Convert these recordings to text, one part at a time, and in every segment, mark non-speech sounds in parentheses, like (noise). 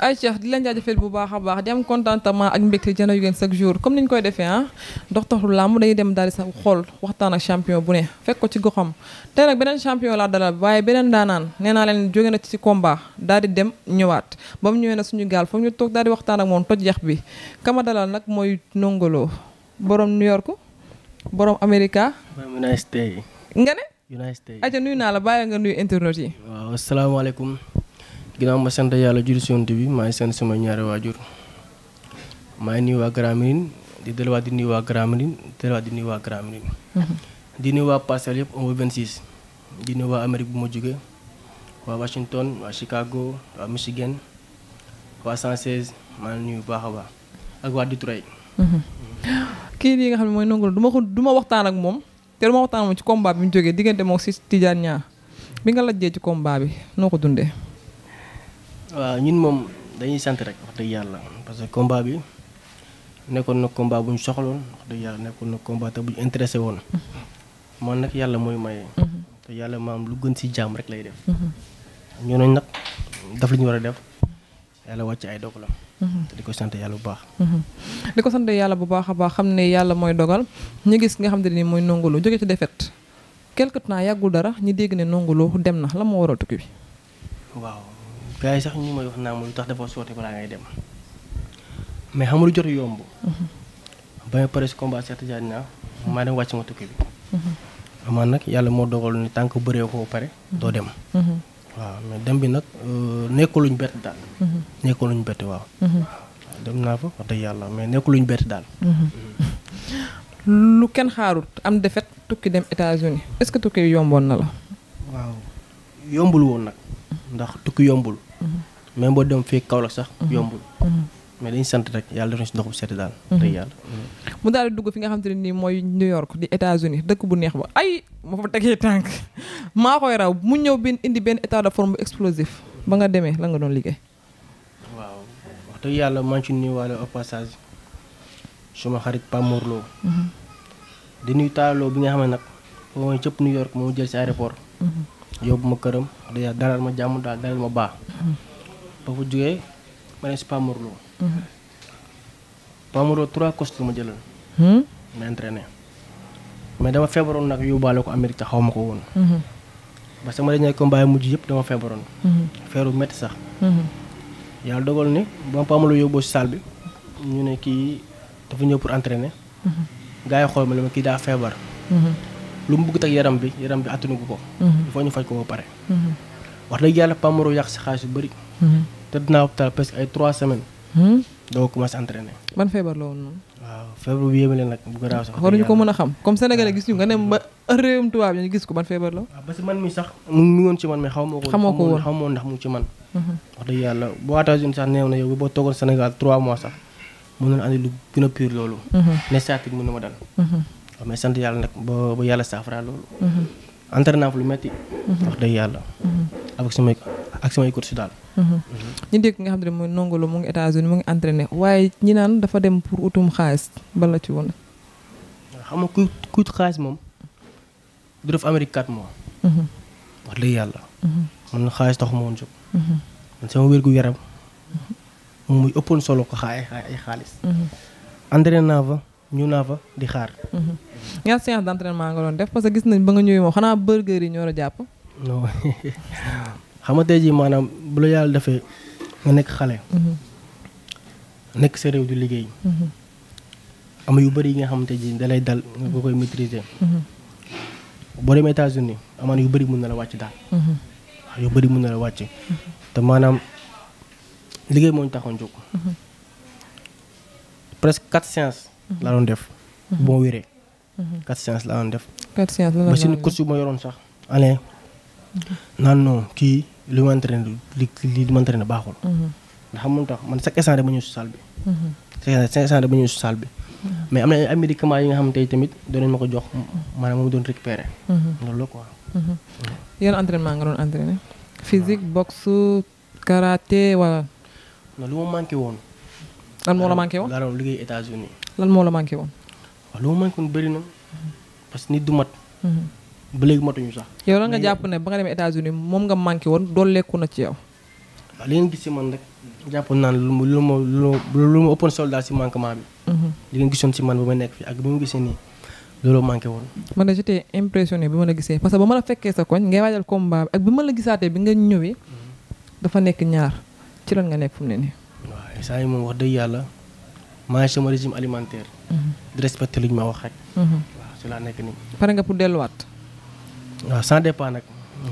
ayca di leen jaajëfal bu baax a baax di am contentement ak mbégte jëna yu ngeen chaque jour comme ni ñu koy defee ah dox taxul làmb dañuy dem daal di sa xool waxtaan ak champion bu ne fekk ko ci goxam tey nag beneen champion laa dalal waaye beneen daanaan nee naa leen jóge na ci combat daal di dem ñëwaat ba mu ñëwee na suñu gaal foofu ñu toog daal di waxtaan ak moom toj yax bi kama dalal nag mooy Ndongo Lo borom New York borom America nga ne. United States ayca nuyu naa la bàyyi nga nuyu internet yi. ginnaaw ma sant yàlla juri si yonent bi maa ngi sant sama ñaari waajur maa ngi waa Grand di delluwaat di nuyu waa Grand di delluwaat waa Grand Médine mhm. di nuyu waa Parcelles di nuyu waa Amérique bu ma jóge waa Washington waa Chicago waa Michigan waa 116 maa ngi nuyu baax a baax ak waa Detroit mhm. kii nii nga xam ne mooy nangu du ma ko du ma waxtaan ak moom te du ma waxtaan moom ci combat bi mu jógee diggante moom si Tidiane Niang bi nga lajjee ci combat bi noo ko dundee waaw ñun moom dañuy sant rek wax dëgg yàlla parce que combat bi nekkoon na combat bu ñu soxloon wax dëgg yàlla nekkoon na combat te bu ñu intéressé woon mm-hmm. man nag yàlla mooy maye. Mm-hmm. te yàlla maam lu gën ci jaam rek lay def. Mm-hmm. ñooñu nag daf li ñu war a def yàlla wàcc ay dogalam. te di ko sant yàlla bu baax. di ko sant yàlla bu baax a baax xam ne yàlla mooy dogal ñu gis nga xam ne ni mooy Ndongo Lo jóge ci défaite quelque temps yàggul dara ñu dégg ne Ndongo Lo dem na la moo waral tukki gars yi sax ñu may wax naa ma lu tax dafa soote balaa ngay dem mais xam lu jot yomb. Mm-hmm. ba pare si combat Cheikh Tidiane naa mm-hmm. maa dem wàcc ma tukki bi. Mm-hmm. amaan nag yàlla moo dogal ni tànk bëree ko pare doo dem. waaw mais dem bi nag euh, nekkuluñ bett daal. nekkuluñ bett waaw. dem naa fa wax dëgg yàlla mais nekkuluñ bett daal. lu kenn xaarut am defet tukki dem États-Unis est-ce que yomboon na la. yombul woon nag. ndax tukki yombul. même boo dem fii Kaolack sax mhm. yombul. Mhm. mais dañu sant rek yàlla def na si ndox bu sedd daal. tey mhm. yàlla. mu daal di dugg fi nga xamante ne nii mooy New York di États-Unis dëkk bu neex ba ay ma fa tegee tànk (laughs) maa koy raw mu ñëw benn indi benn état de forme explosif ba nga demee la nga doon liggéey. waaw wax dëgg yàlla maa ngi ci nuyuwaale au passage suma xarit Pape Mor Lo. di nuyu taaloo bi nga xam ne nag foo mooy cëpp New York moo jël si aéroport. yóbbu ma këram dèjà dalal ma jàmm daal dalal ma baax. Mhm. ba fa jógee ma ne si Pape Mor Lo. Mhm. Pape Mor ma jëlal. Hmm? ma entraîné mais dama feebaroon nag yóbbaale ko Amérique te xaw ma ko woon. Mhm. parce que ma dañu ay combat mujj yëpp dama feebaroon. feeru métti sax. yàlla dogal ni ba Pape Mor Lo yóbboo si salle bi ñu ne kii dafa ñëw pour entraîner. gars xool ma ne ma kii daa feebar. lu mu bëgg tak yaram bi yaram bi attanu ko ko. Mhm. il faut ñu faj ko ba pare. Mhm. wax dëgg yàlla Pamaro yàq sa xaalis yu bëri. Mhm. te dinaa hôpital presque ay 3 semaines. doo commencé entraîner. ban feebar la woon noonu. waaw feebar bu yéeme la nag bu garaaw sax. waruñu ko mën a xam comme Sénégalais gis ñu nga ne ba réewum tubaab yi sax mu ngi woon ci man lu gën a pire loolu. ne saatik mën na ma dal. waaw mais sant yàlla nag ba ba yàlla saafara loolu. Mhm. entraînement lu metti mhm. wax dëgg yàlla. Mhm. ak samay ak samay coach daal. ñu dégg nga xam ne mooy Ndongo Lo mu ngi États-Unis mu ngi entraîné waaye ñi naan dafa dem pour utum xaalis bala ci woon. xam nga ku ku xaalis moom du def Amérique 4 mois. wax dëgg yàlla. man na xaalis taxuma woon jóg. man sama yaram. muy ëppoon solo ko xaay ay xaalis. entraîné ñu naa fa di xaar. ñaar mhm. séance d'entraînement nga doon def parce gis nañ ba nga ñëwee moom xanaa burger yi ñoo la jàpp. non (laughs) xam nga tey jii maanaam bu la yàlla defee nga nekk xale. Mhm. nekk sa réew di liggéey. Mhm. am yu bëri yi nga xamante ji da lay dal nga koy maîtriser. boo demee États-Unis amaan yu bëri mun na la wàcc daal. Ah, yu bëri mun na la wàcc. te maanaam liggéey moo ñu taxoon laa doon def. Mhm. bu ma wéree. Mhm. quatre séances laa doon def. quatre séances la ba suñu coach yu ma yoroon sax. allez mhm. naan non kii li ma entraîné li li ma entraîné baaxul. ndax xam tax man chaque instant dama ñëw si salle bi. chaque instant dama ñëw si salle bi. mais am na ay médicaments yi nga xam tey tamit doon nañu ma ko jox a moom doon récupérer. loolu la quoi. yan entraînement ma manqué woon. lan doon liggéey États-Unis lan moo la manqué woon. waaw lu ma manqué woon bëri na parce que nit du mat. Mhm. ba léegi matuñu sax. yow lan nga jàpp ne ba nga demee États-Unis moom nga manqué woon dooleeku na ci yow. waaw li ngeen gis si man rek ma lu ma lu bi. Mhm. li ngeen gisoon si man ba ma nekk fii ak bi ma gisee nii looloo man bi ma la gisee parce ba ma la fekkee sa koñ ngay waajal combat bi bi ma la gisaatee bi nga ñëwee. Mhm. dafa nekk ñaar ci lan nga nekk fu ne nii. waaw saa yi moom wax dëgg yàlla maa ngi sama régime alimentaire. Mhm. di respecté lu ñu ma wax rek. Mhm. waaw ci laa nekk nii. pare nga pour delluwaat. waaw sans dépend nag.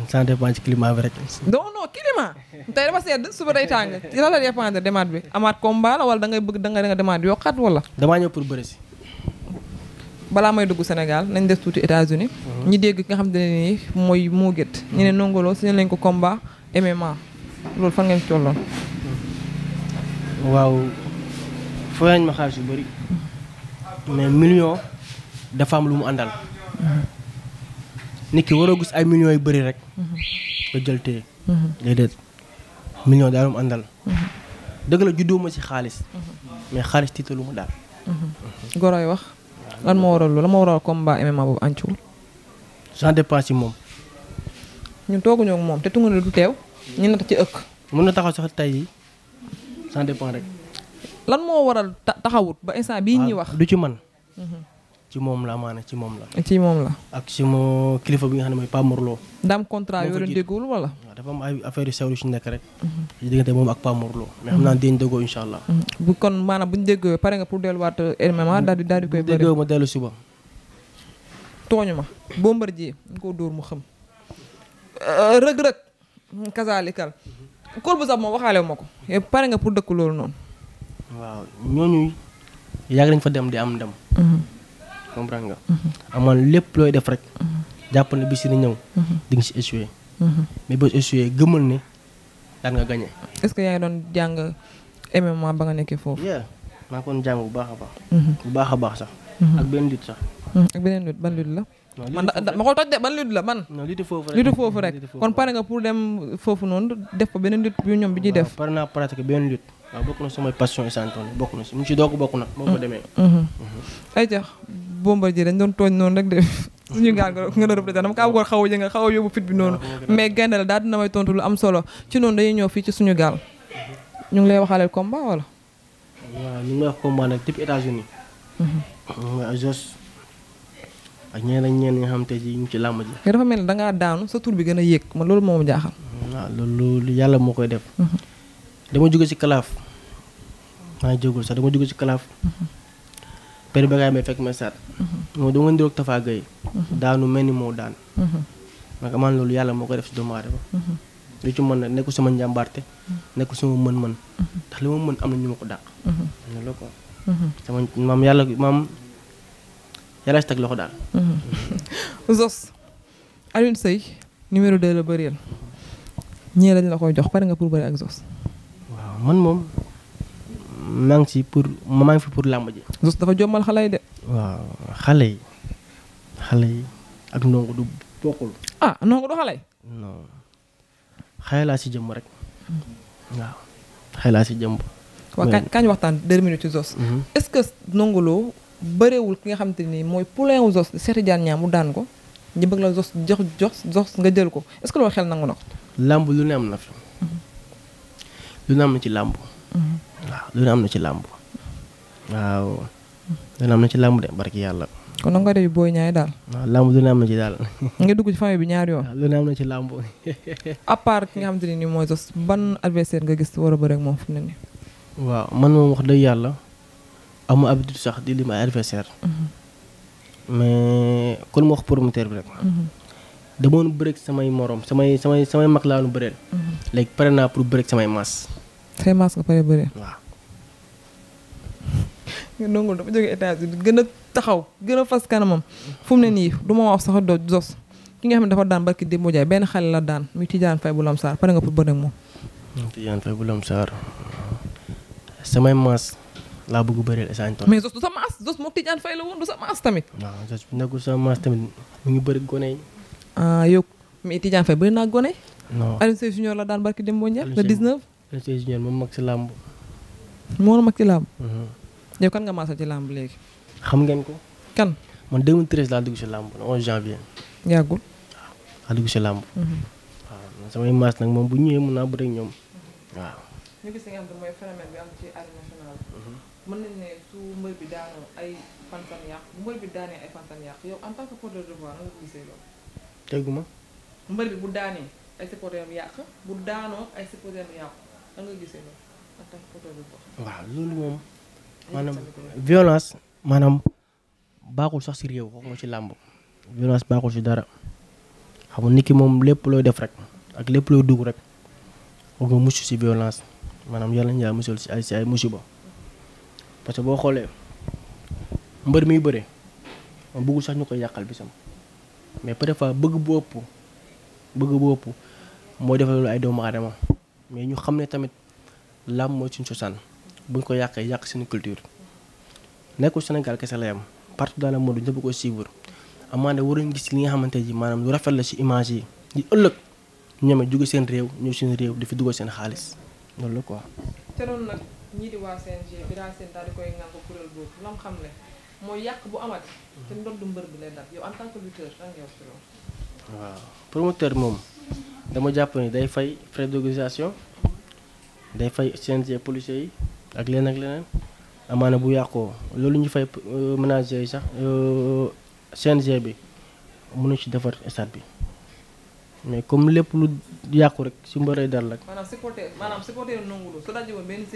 sans dépend ci climat bi rek. non non climat tey dafa sedd suba day tàng ci la la dépendre demaat bi amaat combat la wala da ngay bëgg da nga demaat yokkaat wala. damaa ñëw pour bëri si. balaa may dugg Sénégal nañ des tuuti États-Unis mhm. ñi dégg nga xam ne nii mooy moo gét ñu ne Ndongo Lo lañ ko combat MMA loolu fan ngeen ci fooy nañ ma xaalis yu bëri mais million dafa am lu mu àndal. nit ki waroo gis ay millions yu bëri rek. nga jël téye. déedéet million daal lu mu àndal. dëgg la ma ci xaalis. mais xaalis tiitalu mu daal. Goroy wax lan moo waral loolu lan moo waral combat MMA àncul. sans dépense yi moom. ñun tooguñoo moom te tungu ne du teew. ñu nata ci ëkk. mën na taxaw sax tey sans dépend rek. lan moo waral taxawut ba instant bii ñuy ah, wax. du ci man. Mhm. ci moom la amaana ci moom la. ci moom la. ak ci mo kilifa bi nga xam ne mooy Pape Mor Lo. daam contrat yoo leen déggul wala. waaw dafa am ay affaire yu sew yu ci nekk rek. Mhm. ci diggante moom ak Pape Mor xam naa mhm. ne kon maanaam bu ñu déggoo pour delluwaat euh, MMA mm. daal di koy. bëri déggoo ma dellu suba. tooñu ma. Bombardier ñu ko dóor mu xam. Euh, rëg rëg. kasaalikal. kóol bu sax moom waxaale ma ko. pare nga pour dëkk loolu noonu. waaw ñooñu yàgg nañ fa dem di am ndam. Mhm. comprendre nga. Mhm. amaan lépp looy def rek. Mhm. jàpp ne bis yi ñëw. di nga si échoué. mais boo échoué gëmal ne daan nga gagné. est-ce que yaa ngi doon jàng MMA ba nga nekkee foofu. yeah maa jàng bu baax a baax. bu baax a baax sax. ak benn lutte sax. ak beneen lutte ban lutte la. ñoom bi ñuy def. pare naa pratiquer beneen lutte. waaw bokk na samay passion isantoon bokk na si mu si doog bokk na. boo ko mm-hmm. demee. Mm-hmm. ay jax bomba ji dañ doon tooñ noonu rek de (laughs) suñu gaal nga doon représenté dama kaa bëggoon xaw a a yóbbu fit bi noonu. Ah, mais gaynde la daal dina may lu am ci noonu dañuy fii ci suñu gaal. Mm-hmm. ñu ngi lay waxaaleel combat wala. waaw ñu ngi lay wax combat nag depuis États-Unis Jos ak ñeneen ak ñeneen nga xam te ji ñu ci làmb ji. mais da ngaa daanu sa tur bi gën a yéeg ma loolu moo ma jaaxal. waaw loolu yàlla moo koy def. dama jóge ci kalaaf maa ngi jógul sax dama jóge ci kalaaf. père Bakaye may fekk ma saat. Mhm. moom dama ndiroog Tafa Gueye. Mhm. daanu mel ni moo daan. man mhm. man loolu yàlla moo ko def ci doomu aadama. lu ci mën nag nekkul sama njàmbaarte. nekkul sama mën-mën. ndax li ma mën am na ñu ma ko dàq. ne la ko. sama maam yàlla maam yàlla si teg loxo daal. (laughs) Zos Alioune Seye numéro 2 la bëreel ñii lañ la koy jox pare nga pour bëri ak Zos. man moom maa si pour maa fi pour làmb ji. Zoss dafa jommal xale yi de. waaw xale yi xale yi ak ndongo du bokkul. ah ndongo du xale. non xale laa si jëmm rek waaw xale laa si jëmb waaw kañ kañ waxtaan deux minutes ci Zoss. Mhm. est-ce que Ndongo Lo bëreewul ki nga xam te ni mooy poulain wu Zoss Cheikh Tidiane Niang mu daan ko ñu bëgg la Zoss jox jox Zoss nga jël ko est-ce que loolu xel nangu na ko. làmb lu ne am na fi. lu mm-hmm. ne am na ci làmb waaw lu ne am na ci làmb waaw lu de barki yàlla kon nag nga def booy ñaay daal làmb lu (laughs) ne am na ci làmb (laughs) à part ki nga xam te ne nii mooy sos ban adversaire nga gis war a bëre ak moom fu mu ne nii waaw man moom wax dëgg yàlla amu habitude sax di lim ay adversaire mm-hmm. mais kon ma wax promoteur bi rek mm-hmm. damoon bëreek samay morom samay samay samay mag laa nu bëreel léegi pare naa pour bëreek samay maas xëy maas nga pare bëre. waaw. (laughs) nga nongul dafa jóge États-Unis gën a taxaw gën a fas kanamam fu ne nii du ma wax sax doo dos ki nga xam ne dafa daan barki démb benn xale la daan muy Tidiane Faye bu Lamsaar pare nga pour bëre ak moom. Tidiane Faye bu Lamsaar samay maas laa bëgg bëreel mais dos du sa maas dos moom Tidiane Faye la woon du sa maas tamit. waaw mu ngi bëri gone yi. ah yow mais Tidiane Faye bëri naa gone. non Alioune la daan barki démb jaay le Lac Junior moom mag ci làmb. moo mag ci làmb. Mm-hmm. yow kan nga maasa ci làmb léegi. xam ngeen ko. kan man 2013 laa laa dugg ci làmb. waaw mm-hmm. samay maas nag moom bu ñëwee mun naa bëre ak ñoom waaw. ñu gis li nga xam ne mooy phénomène bi am ci mm-hmm. su mbër bi daanoo ay fantan yàq mbër bi daanee ay fantan yàq yow en tant que porteur de voix nan nga gisee loolu. teguma. mbër bi bu daanee ay supporters yàq bu daanoo ay supporters yàq. waaw loolu moom maanaam violence maanaam baaxul sax si réew waxuma ci làmb violence baaxul si dara xam nga nit ki moom lépp looy def rek ak lépp looy dugg rek foog nga mucc si violence maanaam yàlla na yàlla musal si ay si ay musiba parce que boo xoolee mbër miy bëre moom bëggul sax ñu koy yàqal bisam mais parfois bëgg bu ëpp bëgg bu ëpp mooy defal loolu ay doomu aadama mais ñu xam ne tamit làmb mooy suñu cosaan buñ ko yàqee yàq suñu culture nekkul Sénégal kese la yam partout dans le monde ñëpp ko suivre amaana waruñu gis li nga xamante ji maanaam lu rafet la ci yi di ëllëg ñoome jóge seen réew ñëw seen réew dafa dugal seen xaalis loolu la te loolu nag ñii di waa CNG Bira Sène daal di koy naan ko kuréel boobu lam xam ne mooy yàq bu amat te ndodd mbër bi lay dal yow en tant promoteur moom. dama jàpp ni day fay frais d'organisation day fay CNG policiers yi ak leen ak leneen amaane bu yàqoo loolu ñu fay euh, ménager yi sax euh, CNG bi mënu ci defar stade bi mais comme lépp lu yàqu rek si mbëray dal rek. maanaam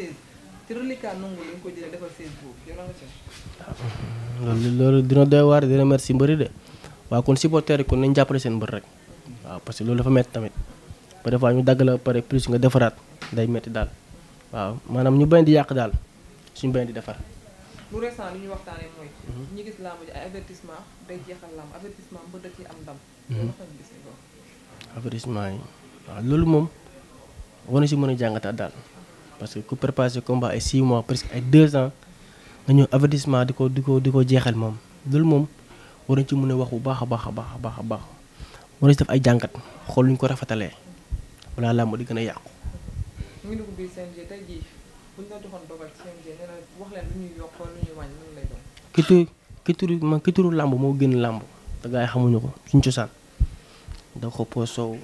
ci reliquat nangu lu ah, loolu loolu dina doy waar dina merci mbëri de waaw kon supporter yi kon nañ jàppale seen mbër rek. waaw parce que loolu dafa metti tamit des fois ñu dagg la pare plus nga defaraat day metti daal waaw maanaam ñu bañ di yàq daal suñu bañ di defar. lu récent li ñu mhm. gis làmb ji mhm. yi waaw loolu moom war ci si mën a jàngataat daal parce que ku préparé combat ay 6 mois presque ay 2 ans nga ñëw avertissement di ko di ko di ko jeexal moom loolu moom war nañ ci mën a wax bu baax a baax a baax a baax. war def ay jàngat xool ñu ko rafetalee wala làmb di gën a yàqu. mu ngi dugg biir lu ñuy yokk lu làmb moo gën làmb te xamuñu ko suñu cosaan da ko poosoo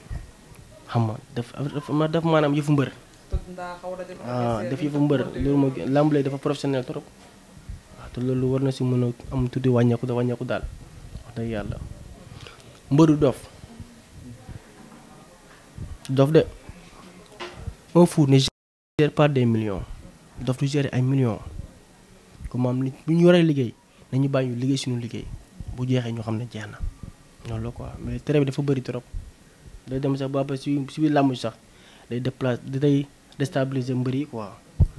xam ma def ma def maanaam yëfu mbër. Ah, def yëfu mbër loolu moo gën làmb lay dafa professionnel trop. Ah, te loolu war na si mën am tuddi wàññeeku wàññeeku daal wax dëgg yàlla mbëru dof dof de un fou ne gère pas des million dof du gérer ay millions comme maam nit bu ñu yoree liggéey nañu bàyyi liggéey suñu liggéey bu jeexee ñoo xam ne jeex na noonu la quoi mais tere bi dafa bëri trop day dem sax ba après si si biir làmb sax day déplace day déstabiliser mbëri yi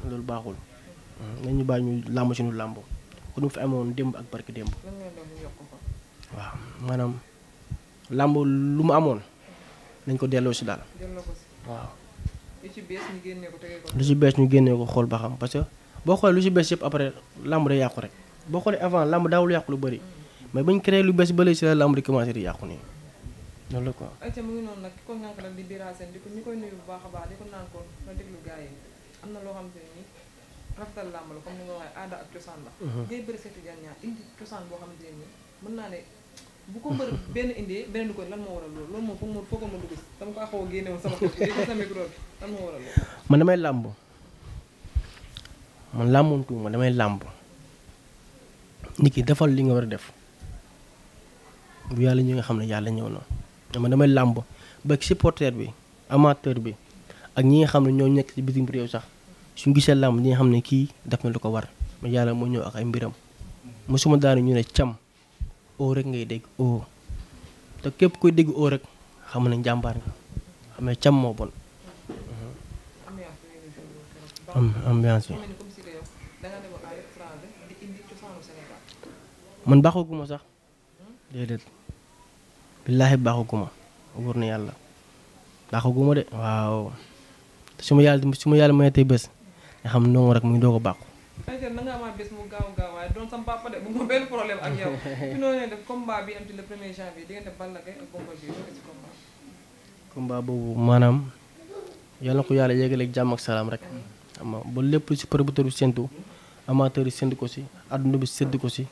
loolu baaxul hmm, nañu bàyyi ñu làmb suñu làmb kon mu fi amoon démb ak barki démb waaw manaam làmb lu mu amoon nañ ko delloo si daal waaw lu si bees ñu génnee ko xool ba xam parce que boo xoolee lu si bees yëpp après làmb day yàqu rek boo xoolee avant làmb daawul yàqu lu bëri mm. mais bañ créé lu bees bële si la làmb di commencé di yàqu nii loolu la quoi. ayca mu ngi noonu nag ki ko ngànk nag di ko ñu bu baax a baax di ko naan ko nga déglu gars yi am na loo xam te ni làmb la comme ni nga waxee aada ak cosaan la. Mm-hmm. ngay bëri seeti jaan indi cosaan boo xam te ni bu ko mbër benn ko lan moo waral loolu loolu moom foog ma foog ma a génne woon man damay làmb man làmbantu ma damay làmb nit ki defal li nga war a def bu yàlla ñi ngi xam ne yàlla ñëw na man damay làmb ba supporter bi amateur bi ak ñi nga xam ne ñoo nekk ci bitim réew sax suñu gisee làmb ñi nga xam ne kii def ma lu ko war ma yàlla moo ñëw ak ay mbiram suma daanu ñu ne cam. oo rek ngay dégg oo te képp kuy dégg oo rek xam ne jàmbaar nga xam ne cam moo bon. ambiance bi. man baaxaguma sax déedéet billaahi baaxaguma wóor na yàlla baaxaguma de waaw su ma yàlla su ma yàlla mayatee bés nga xam noonu rek mu ngi doog a ayca na nga amaat bés mu gaaw gaaw waaye doon sama papa de bu ma benn problème ak yow (laughs) fi noonu def combat bi am ci le premier janvier diggante Balla Gaye ak Bombardier loolu boobu maanaam yal na ko yàlla yegaleeg jàmm ak salaam rek xam ba lépp si promoteur bi séntu amateur yi séntu ko si àdduna bi sedd ko si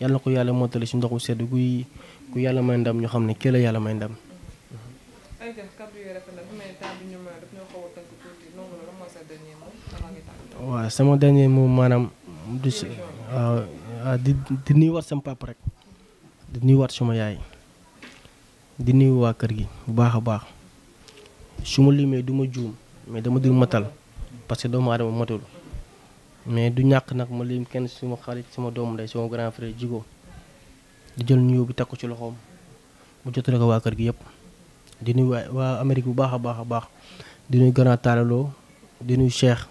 yàlla ko yàlla mottali si ndoxu sedd guy ku yàlla may ndam ñoo xam ne kii la yàlla may ndam. waa sama dernier mot maanaam du si di di nuyuwaat sama papa rek di nuyuwaat suma yaay di nuyu waa kër gi bu baax a baax su ma limee du ma juum mais dama dul matal parce que doomu aadama matul mais du ñàkk nag ma lim kenn suma xarit sama doom ndey sama grand frère Djigo di jël nuyoo bi takku ci loxoom mu jotale ko waa kër gi yëpp di nuyu waa Amérique bu baax a baax a baax di nuyu grand taalaloo di nuyu Cheikh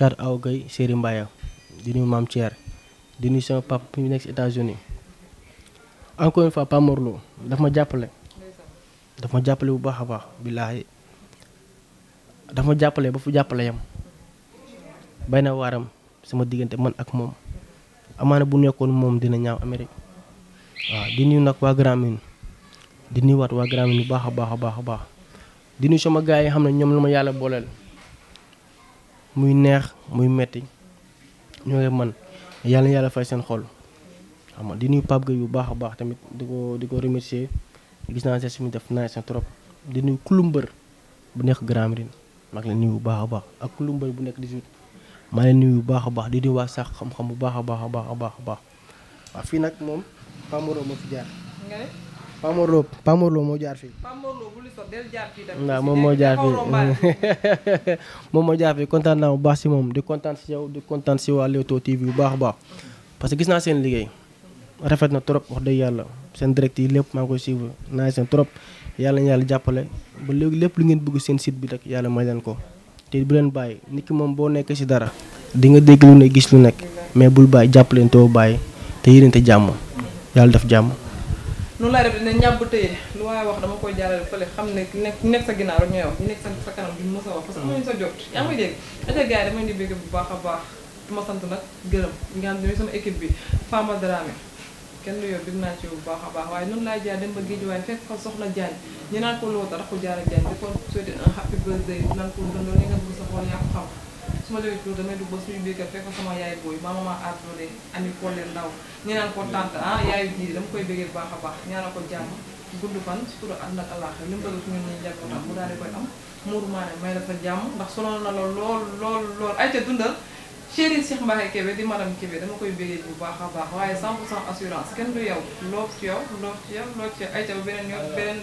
Thiat Aw Guèye Seri Mbaye di nuyu Mame Thier di nuyu sama papa bi nekk si États-Unis encore une fois Pape Mor ma jàppale. dafa ma jàppale bu baax a baax billaahi jàppale ba fu jàppale yam bay na waaram sama diggante man ak moom amaana bu nekkoon moom dina ñaaw Amérique waa di nag waa Grand Médine di nuyuwaat waa Grand Médine bu baax a baax a baax a baax di nuyu sama gars yi xam ne ñoom la ma yàlla booleel. muy neex muy metti ñoo ngi man yàlla yàlla fay seen xol xam nga di nuy Pape Gueye bu baax a baax tamit di ko di ko remercier gis naa seen muy def naaj seen trop di nuyu kullu mbër bu nekk Grand Médine mag la nuyu bu baax a baax ak kullu mbër bu nekk di 18 maa leen nuyu bu baax a baax di nuyu waa sax xam-xam bu baax a baax a baax a baax a baax waaw fii nag moom Pamoro ma fi jaar. Pape Mor Lo moo jaar fii. Pape Mor moom moo jaar fii (laughs) moom moo jaar fii kontaan naa bu baax si moom di kontaan si yow di kontaan si waa Leewtoo TV bu baax a baax. parce que gis naa seen liggéey rafet na trop wax dëgg yàlla seen direct yi lépp maa ngi koy suivre naa seen trop yàlla na yàlla jàppale ba léegi lépp lu ngeen bëgg seen site bi rek yàlla may leen ko. te bu leen bàyyi nit ki moom boo nekkee si dara. di nga dégg lu ne gis lu nekk mais bul bàyyi jàpp leen te boo bàyyi te yéenante jàmm yàlla def jàmm. noonu laay def dina ñàbb tëye lu waaye wax dama koy jaarale fële xam ne nekk nekk sa ginnaaw rek ñooy wax ñu nekk sa kanam duñ mës a wax parce sa jot yaa ngi dégg ete gars yi damay di bu baax a baax ma sant nag gërëm nga xam ne sama équipe bi Fama Dramé kenn du yow big naa ci bu baax a baax waaye noonu laay jaar dem ba géej waaye fekk fa soxna Diagne ñu naa ko loota rax ko jaar a Diagne di ko souhaité un happy birthday naan ko dundoo li nga sa xool yaa ko xam su ma jógee ci damay dugg ba suñu biir fekk sama yaay booy ma maman Ardodé ami Kole Ndaw ñu ko tante ah yaayu ji dama koy bëggee bu baax a baax ñaanal ko jàmm gudd fan sutura ànd ak allah li mu bëgg ci mm-hmm. daal di koy am muur may la jàmm ndax sonal na lool lool lool lool ay ca dundal chéri Cheikh Mbaye Kébé di madame Kébé dama koy bëggee bu baax a baax waaye 100 pour cent assurance kenn du yow loob ci yow loob ci yow loob ci yow ay ca beneen yoon